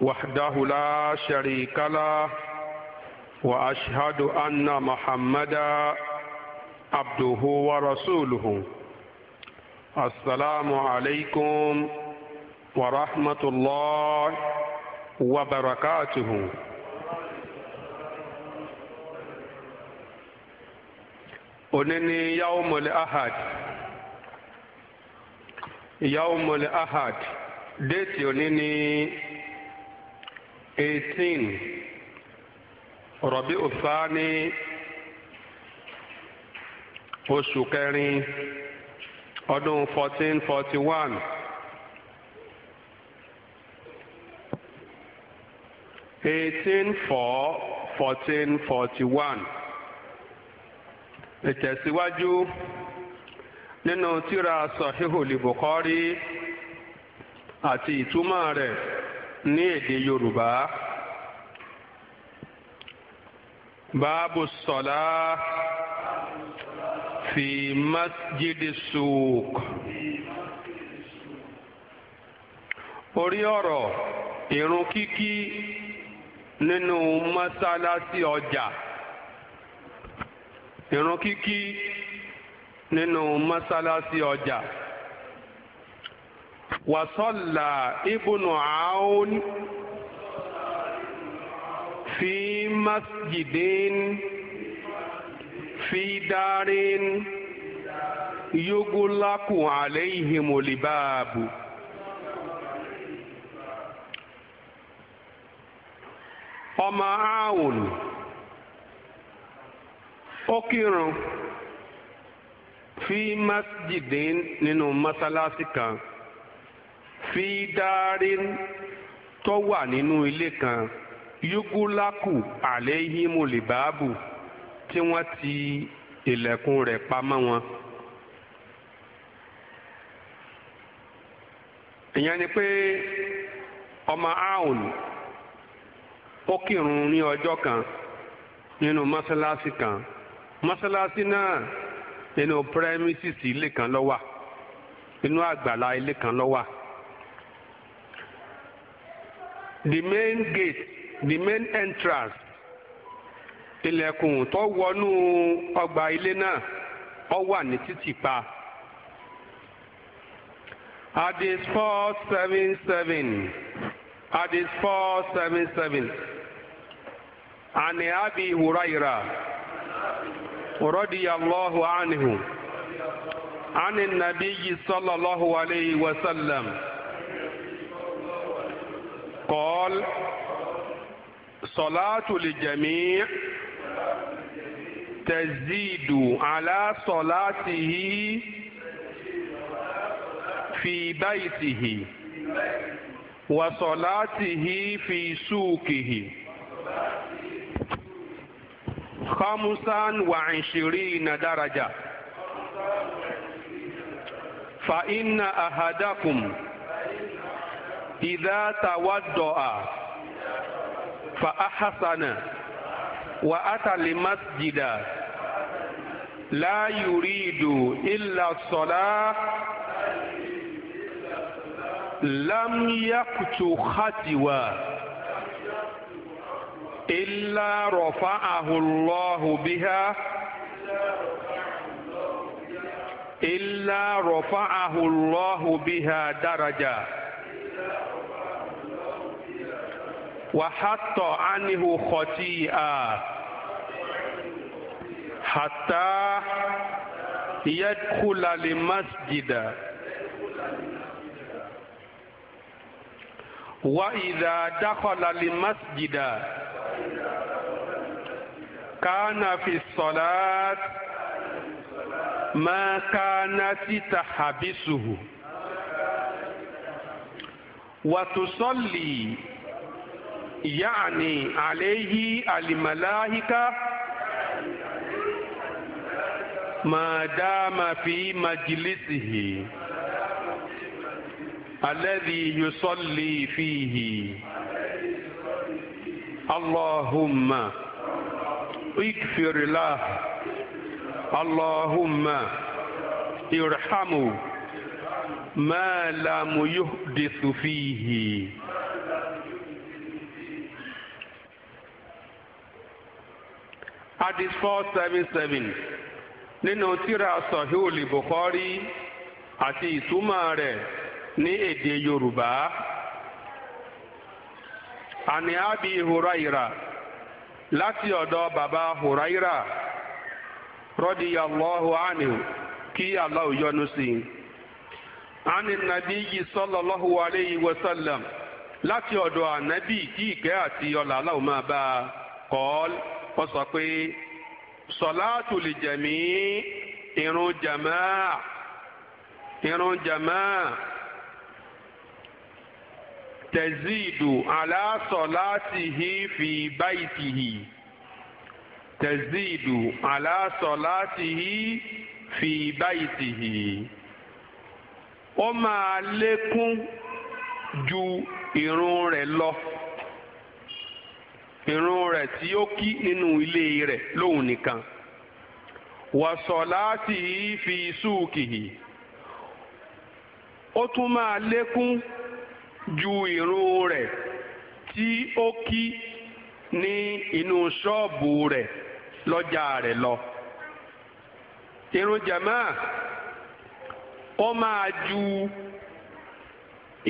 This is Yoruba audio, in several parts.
وحده لا شريك له وأشهد أن محمدا عبده ورسوله السلام عليكم ورحمة الله وبركاته أنني يوم الأحد يوم الأحد ديت أنني 18 rọ̀bí òfà ní oṣù kẹrin ọdún 1441 ìtẹ̀síwájú nínú àti ìtumọ̀ rẹ̀. ní èdè Yorùbá báàbù sọlá fi masjidi suuk orí ọ̀rọ̀ ìrun kíkí nínú mọ́sálásí ọjà ìrun kíkí nínú mọ́sálásí ọjà. وصلى ابن عون في مسجد في دار يغلق عليهم الباب ọmọ aun ó kírun fi masjidin nínú masalasi kan. fi tó wà nínú ilé kan yugulaku àléhìmùlìbáàbù tí wọ́n ti ilẹ̀kùn rẹ̀ pamọ wọn. ìyẹn ni pé ọmọ aun ó kírun ní ọjọ́ kan nínú mọ́sálásí kan mọ́sálásí náà nínú pírẹ́mísìsì ilé kan lọ́wà wà nínú àgbàlá ilé kan lọ́wà the main gate the main entrance ilẹ̀kùn tó wọnú ọgbà ilé náà ó wà ní títì pa. addis four seven seven Hadith four seven seven Ani Abi Huraira radiyallahu anhu Ani Nabiyyi sallallahu alayhi wa sallam. صلاة للجميع تزيد على صلاته في بيته وصلاته في سوقه خمسا وعشرين درجة فإن أحدكم إذا توضأ فأحسن وأتى المسجد لا يريد إلا الصلاة لم يقت خطوة إلا رفعه الله بها إلا رفعه الله بها درجة وحط عنه خطيئة حتى يدخل المسجد وإذا دخل المسجد كان في الصلاة ما كانت تحبسه وتصلي يعني عليه الملائكة ما دام في مجلسه الذي يصلي فيه اللهم اغفر له اللهم ارحمه ما لم يحدث فيه hadith four seven seven nínú tírà sahihul bukhari àti ìtumọ̀ rẹ̀ ní èdè yorùbá àní abi huraira láti ọ̀dọ̀ baba huraira radiyallahu anhu kí Allah yọ́nú sí i àní nabiyyi sallallahu alayhi wa sallam láti ọ̀dọ̀ ànábì kí ìkẹ́ àti ọlà Allah máa bá a kọ́ọ́lù wọ́n sọ pé sọ̀láàtù lè jẹ̀mí irun jàmáà irun jàmáà tẹ̀zíìdù aláṣọ̀láàtìhì fi báyìtìhì tẹ̀zíìdù aláṣọ̀láàtìhì fi báyìtìhì ó máa lékún ju irun rẹ̀ lọ. irun rẹ̀ tí ó kí nínú ilé rẹ̀ lóhùn nìkan wàsọ̀ láti fi súùkìhì ó tún máa lékún ju irun rẹ̀ tí ó kí ní inú ṣọ́ọ̀bù rẹ̀ lọ́jà rẹ̀ lọ irun jamaa ó máa ju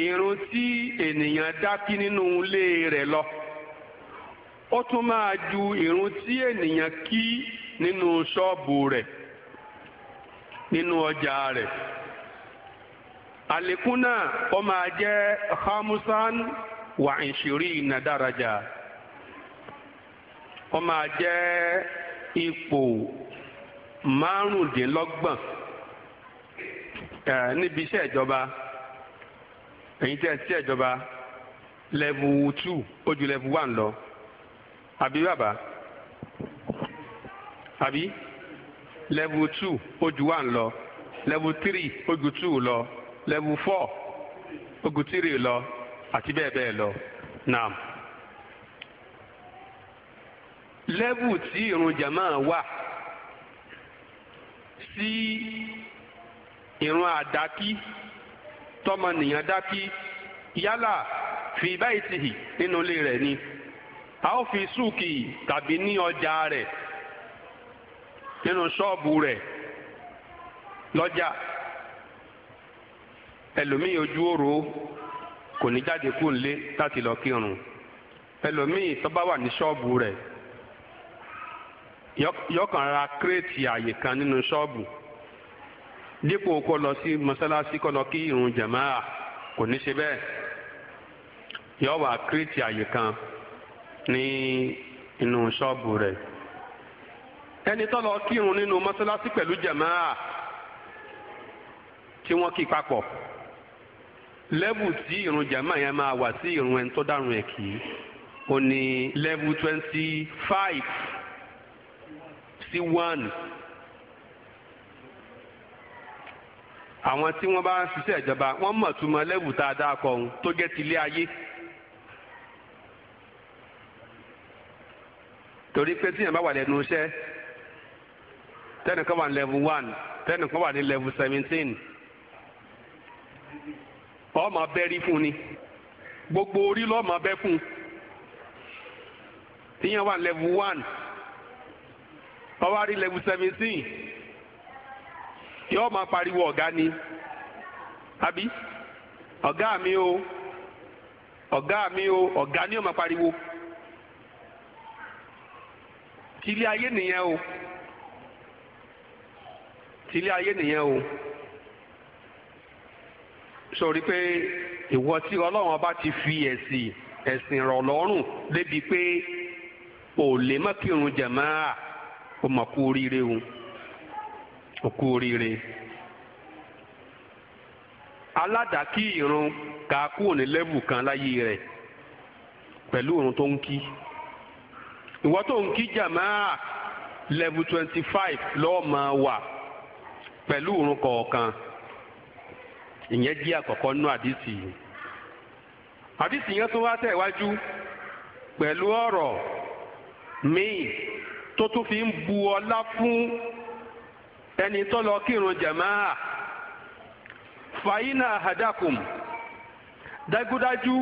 irun tí ènìyàn dákí nínú ilé rẹ lọ. ó tún máa ju ìrun tí ènìyàn kí nínú ṣọ́ọ̀bù rẹ̀ nínú ọjà rẹ̀ àlékún náà ó máa jẹ́ hamusan wa ishirina daraja ó máa jẹ́ ipò márùndínlọ́gbọ̀n ẹ̀ níbi iṣẹ́ ìjọba èyí tẹ́ ẹ ti ìjọba level two ó ju level one lọ àbí bàbá àbí level two ó ju one lọ level three ó two lọ level four ó ju three lọ àti bẹ́ẹ̀ bẹ́ẹ̀ lọ naam level tí irun jama wà sí irun àdákí tọmọnìyàn dákí yálà fi báyìí tìhì nínú ilé rẹ̀ ni. a ó fi súùkì tàbí ní ọjà rẹ nínú ṣọ́ọ̀bù rẹ lọ́jà ẹlòmíì ojú òru kò ní jáde kú nílé láti lọ kírun ẹlòmíì tó bá wà ní ṣọ́ọ̀bù rẹ̀ yọkàn ra kírètì àyè kan nínú ṣọ́ọ̀bù dípò kó lọ sí mọ́sálásí kọ lọ kí irun jàmáà kò ní ṣe bẹ́ẹ̀ yọ wà kírètì àyè kan ní inú ṣọ́ọ̀bù rẹ̀ ẹni tó lọ kírun nínú mọ́sálásí pẹ̀lú jàmáà tí wọ́n kí papọ̀ lẹ́bù tí ìrun jàmáà yẹn máa wà sí ìrun ẹni tó dárun ẹ̀ kì í ó ní lẹ́bù twenty five sí one àwọn tí wọ́n bá ṣiṣẹ́ ìjọba wọ́n mọ̀ túmọ̀ lẹ́bù tá a dá kọ́ ohun tó jẹ́ tilé ayé. torí pé tíyẹn bá wà lẹ́nu iṣẹ́ tẹnìkan wà ní level one tẹnìkan wà ní level seventeen ọmọ bẹ́rí fún ni gbogbo orí lọ́mọ bẹ́ fún tíyẹn wà ní level one ọwọ́ àrí level seventeen yóò máa pariwo ọ̀gá ni àbí ọ̀gá mi o ọ̀gá mi o ọ̀gá ni yóò máa pariwo tilé ayé nìyẹn o tilé ayé nìyẹn o sọrí pé ìwọ tí ọlọ́run ọba ti fi ẹ̀sìn ẹ̀sìn rọ̀ lọ́rùn débi pé ò lè má kírun jàmáà ó mà kú oríire o ó kú oríire aládàkí ìrun kà á kúrò ní lẹ́bù kan láyé rẹ̀ pẹ̀lú ìrun tó ń kí ìwọ tó ń kí jamaa level twenty five lọ́ọ́ máa wà pẹ̀lú òrùn kọ̀ọ̀kan ìyẹn jẹ́ àkọ́kọ́ nú àdìsí yìí àdìsí yẹn tó wá tẹ̀wájú pẹ̀lú ọ̀rọ̀ míì tó tún fi ń bu ọlá fún ẹni tó lọ kírun jamaa fàyínà hadakum dájúdájú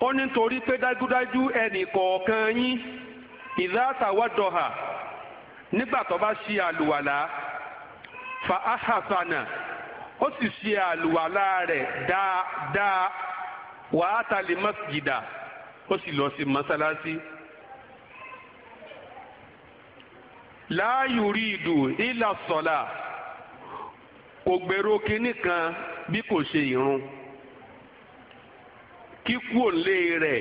ó ní torí pé dájúdájú ẹnì kọ̀ọ̀kan yín ìdátàwádọ́hà nígbà tó bá ṣe àlùwàlá fa ahasana ó sì ṣe àlùwàlá rẹ̀ dáadáa wàá tali masjida ó sì lọ sí masalasi. láàyò rí ìdù ìlà sọ̀la kò gbèrò kinní kan bí kò ṣe ìrun kíkú òǹlé rẹ̀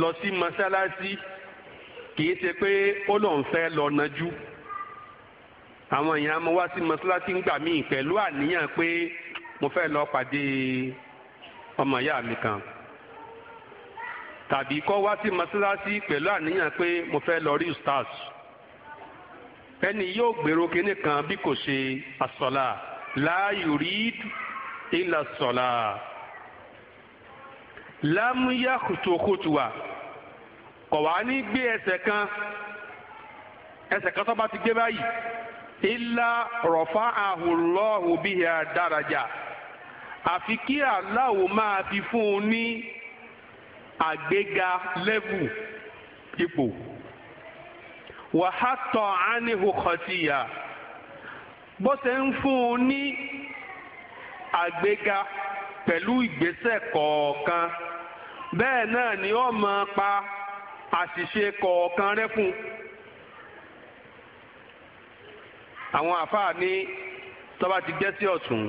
lọ sí mọ́sálásí kìí ṣe pé ó lóun fẹ́ lọ nájú àwọn èèyàn mo wá sí mọ́sálásí ńgbà míì pẹ̀lú àníyàn pé mo fẹ́ lọ pàdé ọmọ ìyá mi kan tàbí kọ́ wá sí mọ́sálásí pẹ̀lú àníyàn pé mo fẹ́ lọ rí stars ẹni yóò gbèrò kinní kan bí kò ṣe àsọlá láàyò rí ìlà sọlá lámúyá kùtùkùtùwà kọ̀ wá ní gbé ẹsẹ̀ kan ẹsẹ̀ kan tó bá ti gbé báyìí ilá rọ̀fá àhùlọ́hù bí i daraja àfi kí aláwo máa fi fún un ní àgbéga lẹ́bù ipò wàhátọ̀ ánìhù kọ̀tìyà bó ṣe ń fún un ní àgbéga pẹ̀lú ìgbésẹ̀ kọ̀ọ̀kan bẹ́ẹ̀ náà ni ó máa pa àṣìṣe kọ̀ọ̀kan rẹ́ fún un. àwọn àfáà ní tọ́ba ti jẹ́ sí ọ̀tún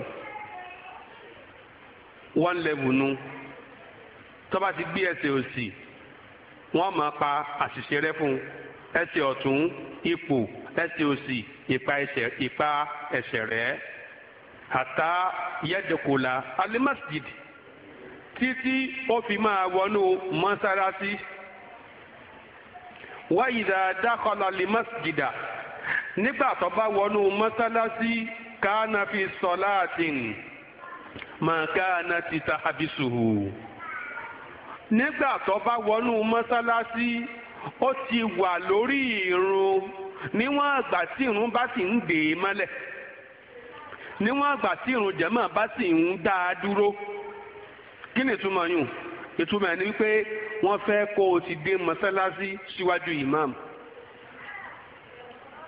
one level nu tọ́ba ti gbé ẹsẹ̀ òsì wọ́n máa pa àṣìṣe rẹ́ fún un ẹsẹ̀ ọ̀tún ipò ẹsẹ̀ òsì ìpa ẹsẹ̀ ìpa ẹsẹ̀ rẹ̀ àtà yẹ́dẹ̀kọ̀la alimasjid. títí ó fi máa wọnú mọ́sálásí wáyìdá dákọlá lè mọ́sídìdà nígbà tó bá wọnú mọ́sálásí kánà fi sọláàtìn màá kánà ti tàbísùhù nígbà tó bá wọnú mọ́sálásí ó ti wà lórí ìrun níwọ̀n àgbà tí ìrun bá sì ń gbé e mọ́lẹ̀ níwọ̀n àgbà tí ìrun jẹ́mọ̀ bá sì ń dá a dúró. kí ni ìtumọ̀ yùn ìtumọ̀ ni wípé wọ́n fẹ́ kó o ti dé mọ́sálásí síwájú ìmáàmù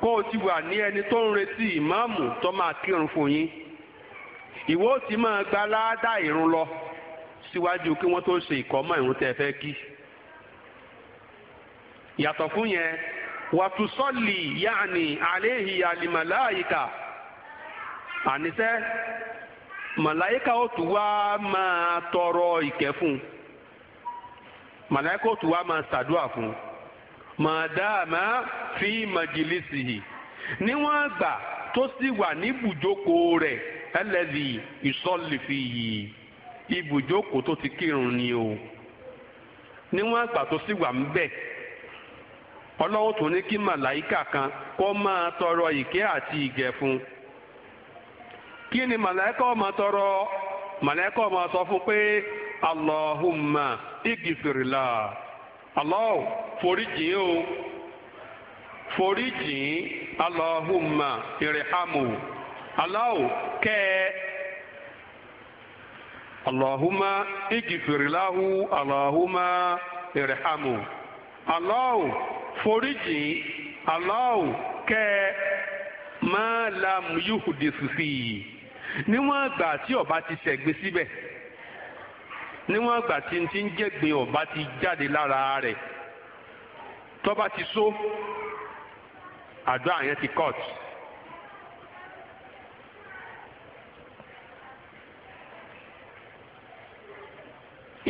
kó o ti wà ní ẹni tó ń retí ìmáàmù tó máa kírun fún yín ìwọ ó ti máa gba láádá ìrun lọ síwájú kí wọ́n tó ṣe ìkọ́mọ́ ìrun tẹ́ fẹ́ kí yàtọ̀ fún yẹn wàtúsọ́lì yáàni àléhìí àlìmọ̀láyìíkà àníṣẹ́ màláyíkà otu wa wá máa tọrọ ìkẹ́ fún un otu ó tún wá máa ṣàdúrà fún un màdàmá fi màjìlísì níwọ̀n àgbà tó sì wà ní ibùjókòó rẹ̀ ẹlẹ́dì ìsọ́lìfì yìí ibùjókòó tó ti kírun ni o níwọ̀n àgbà tó sì wà ń bẹ̀ ọlọ́wọ́ tó ní kí màláyíkà kan kó máa tọrọ ìkẹ́ àti ìgẹ̀ fún un. kí ni màláíkà ó máa tọrọ màláíkà ó máa sọ fún pé Allahumma igifirila Allah foríjìn o foríjìn Allahumma irhamu Allah kẹ́ Allahumma igifirilahu Allahumma irhamu Allah foríjìn Allah kẹ́ máa lam yuhdis fi níwọ̀n ìgbà tí ọba ti ṣẹ̀gbin síbẹ̀ níwọ̀n ìgbà tí n ti ń jẹ̀gbin ọba ti jáde lára rẹ̀ tọ́ba ti so àdúrà yẹn ti cut.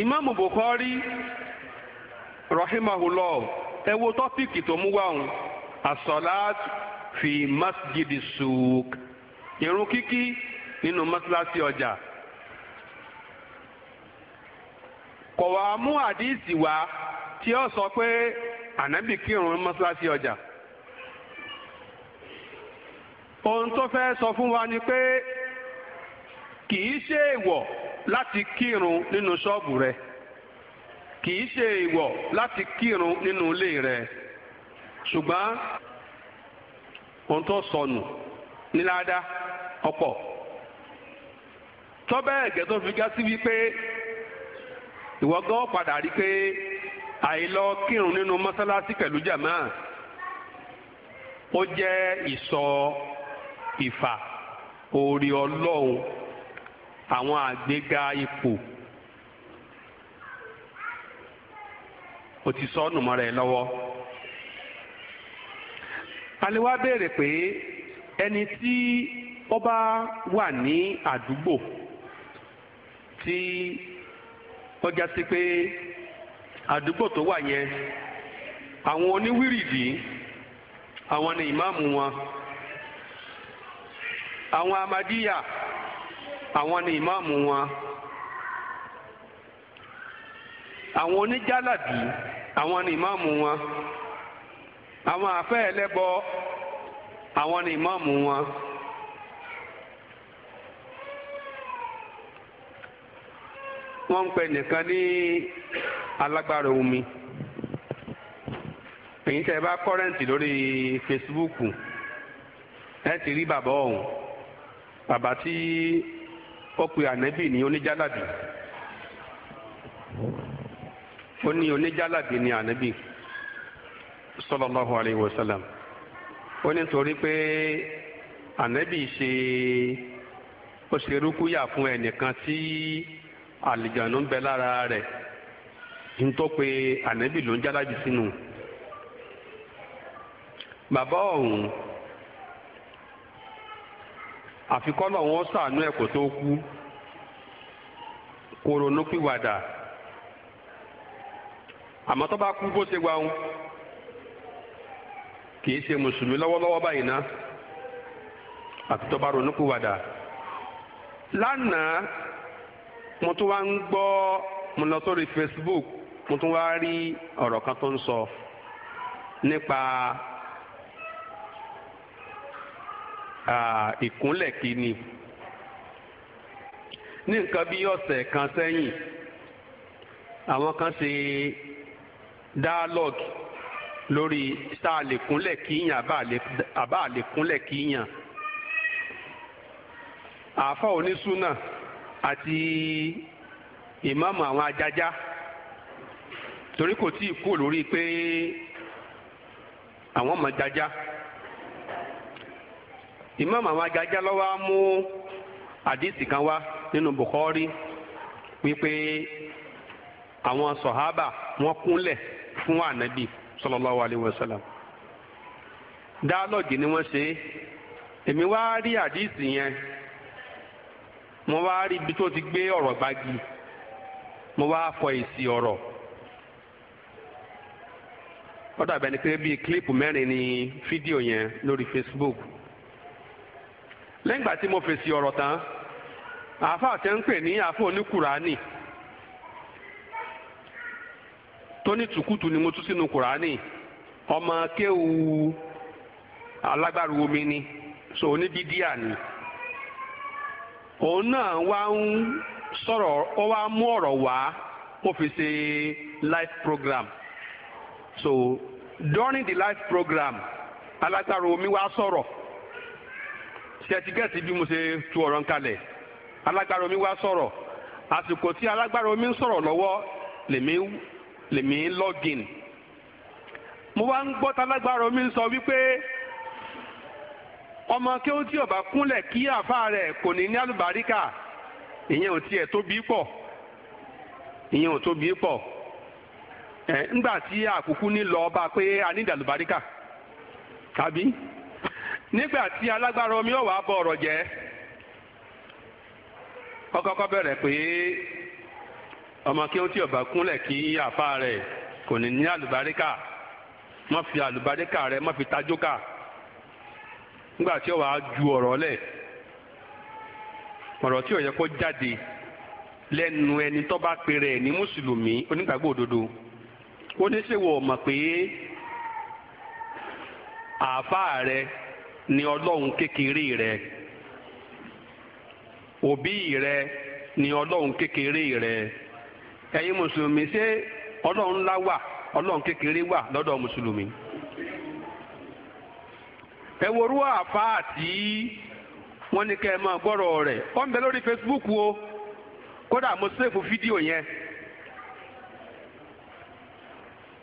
ìmáàmù Bukhari rahimahullah ẹ wo tọ́pìkì tó mú wá òun asọ́láàtì fi masjidi suuk irun kíkí nínú mọ́ṣáláṣí ọjà kò wá mú àdíìsì wá tí ó sọ pé ànábì kírun mọ́ṣáláṣí ọjà ohun tó fẹ́ sọ fún wa ni pé kì í ṣe èèwọ̀ láti kírun nínú ṣọ́ọ̀bù rẹ kì í ṣe èèwọ̀ láti kírun nínú ilé rẹ ṣùgbọ́n ohun tó sọnù níláadá ọ̀pọ̀. tọ́bẹ̀ ẹ̀gẹ́ tó fi já sí wípé ìwọ gan padà rí pé àìlọ kírun nínú mọ́sálásí pẹ̀lú jàmá ó jẹ́ ìsọ ìfà orí ọlọ́run àwọn àgbéga ipò ó ti sọ ọ́nù mọ́ra lọ́wọ́. alẹ́ béèrè pé ẹni tí ó bá wà ní àdúgbò. tí ọjà sí pé àdúgbò tó wà yẹn àwọn oníwìrìdì àwọn ni ìmáàmù wọn àwọn amadíyà àwọn ni ìmáàmù wọn àwọn oníjálàbí àwọn ni ìmáàmù wọn àwọn afẹ́ ẹlẹ́bọ àwọn ni ìmáàmù wọn. wọ́n ń pè nìkan ní alágbára omi èyí tẹ́ bá kọ́rẹ́ǹtì lórí Facebook ẹ ti rí bàbá ọ̀hún bàbá tí ó pe ànẹ́bì ní oníjálàbì ó ní oníjálàbì ní ànẹ́bì sallallahu alayhi wa sallam ó ní torí pé ànẹ́bì ṣe ó ṣe rúkúyà fún ẹnìkan tí. Si, àlìjànú ń bẹ lára rẹ̀ ntọ́pe ànábì ló ń jálábì sínú. bàbá ọ̀hún àfikọ́lọ̀ wọn ṣàánú ẹ̀ kó tó kú kó ronú pìwàdà àmọ́ tó bá kú bó ṣe gba ń kì í ṣe mùsùlùmí lọ́wọ́lọ́wọ́ báyìí ná àfi tó bá ronú pìwàdà lánàá mo tún wá ń gbọ́ mo lọ sórí Facebook mo tún wá rí ọ̀rọ̀ kan tó ń sọ nípa ìkúnlẹ̀ kìíní ní nǹkan bí ọ̀sẹ̀ kan sẹ́yìn àwọn kan ṣe dialogue lórí ṣá lè kúnlẹ̀ kíyàn àbá lè kúnlẹ̀ kíyàn àáfà onísùnà àti ìmáàmù àwọn ajájá torí kò tí ì kú lórí pé àwọn ọmọ ajájá ìmáàmù àwọn ajájá lọ́wọ́ á mú àdísì kan wá nínú Bukhari wípé àwọn sọ̀hábà wọ́n kúnlẹ̀ fún ànábì sallallahu alaihi wasallam dáálọ́ọ̀gì ni wọ́n ṣe èmi wá rí àdísì yẹn. mo wá rí ibi tó ti gbé ọ̀rọ̀ gbági mo wá fọ èsì ọ̀rọ̀ ọdọ dàbẹ̀ ni pé bíi kílípù mẹ́rin ni fídíò yẹn lórí Facebook lẹ́yìn ìgbà tí mo fèsì ọ̀rọ̀ tán àáfàá tẹ́ ń pè ní àáfàá oníkùránì tó tùkùtù ni mo tú sínú kùránì ọmọ kéwu alágbára omi ni so oníbídíà ni. So, òun náà wá ń sọ̀rọ̀ ó wá mú ọ̀rọ̀ wá mo fi ṣe live program so during the life program alágbára omi wá sọ̀rọ̀ ṣẹtigẹ́tì bí mo ṣe tu ọ̀rọ̀ ń kalẹ̀ alágbára omi wá sọ̀rọ̀ àsìkò tí alágbára omi ń sọ̀rọ̀ lọ́wọ́ lèmi lèmi login mo wá ń gbọ́ tálágbára omi ń sọ wípé. ọmọ kí ó tí ó bá kúnlẹ̀ kí àfa rẹ̀ kò ní ní àlùbáríkà ìyẹn ò tiẹ̀ tóbi pọ̀ ìyẹn ò tóbi pọ̀ ẹ̀ ńgbà tí àkùkù ní lọ ọba pé a ní ìdàlùbáríkà tàbí nígbà tí alágbára omi ọ̀wà bọ̀ ọ̀rọ̀ jẹ́ kọ́kọ́kọ́ bẹ̀rẹ̀ pé ọmọ kí ó tí ó bá kúnlẹ̀ kí àfa rẹ̀ kò ní ní àlùbáríkà má fi àlùbáríkà rẹ̀ má fi tajókà. nígbà tí ó wàá ju ọrọ lẹ, ọrọ tí ó yẹ kó jáde lẹ́nu ẹni tọba bá pèrè ẹ̀ ní mùsùlùmí onígbàgbọ́ òdodo ó ní ṣe wọ̀ mọ̀ pé àáfàá rẹ ni ọlọrun kékeré rẹ òbí rẹ ni ọlọrun kékeré rẹ ẹyin mùsùlùmí ṣé ọlọrun ńlá wà ọlọrun kékeré wà lọdọ mùsùlùmí. ẹ worú àfáà tí wọ́n ní kẹ́ ẹ máa gbọ́rọ̀ rẹ̀ ó ń bẹ lórí Facebook o kódà mo sèfù fídíò yẹn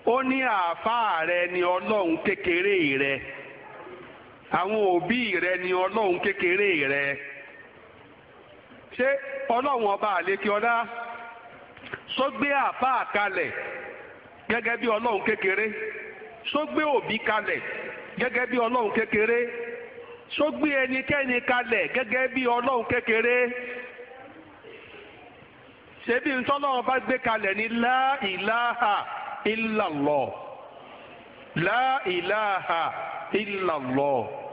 ó ní àfáà rẹ ni ọlọ́run kékeré rẹ àwọn òbí rẹ ni ọlọ́run kékeré rẹ ṣé ọlọ́run ọba àlékiọlá sọ gbé àfáà kalẹ̀ gẹ́gẹ́ bí ọlọ́run kékeré sọ gbé òbí kalẹ̀ gẹ́gẹ́ bí ọlọ́run kékeré ṣó gbé ẹnikẹ́ni kalẹ̀ gẹ́gẹ́ bí ọlọ́run kékeré ṣebí ntọ́lọ́run bá gbé kalẹ̀ ní láìláha ìlàlọ́ láìláha ìlàlọ́.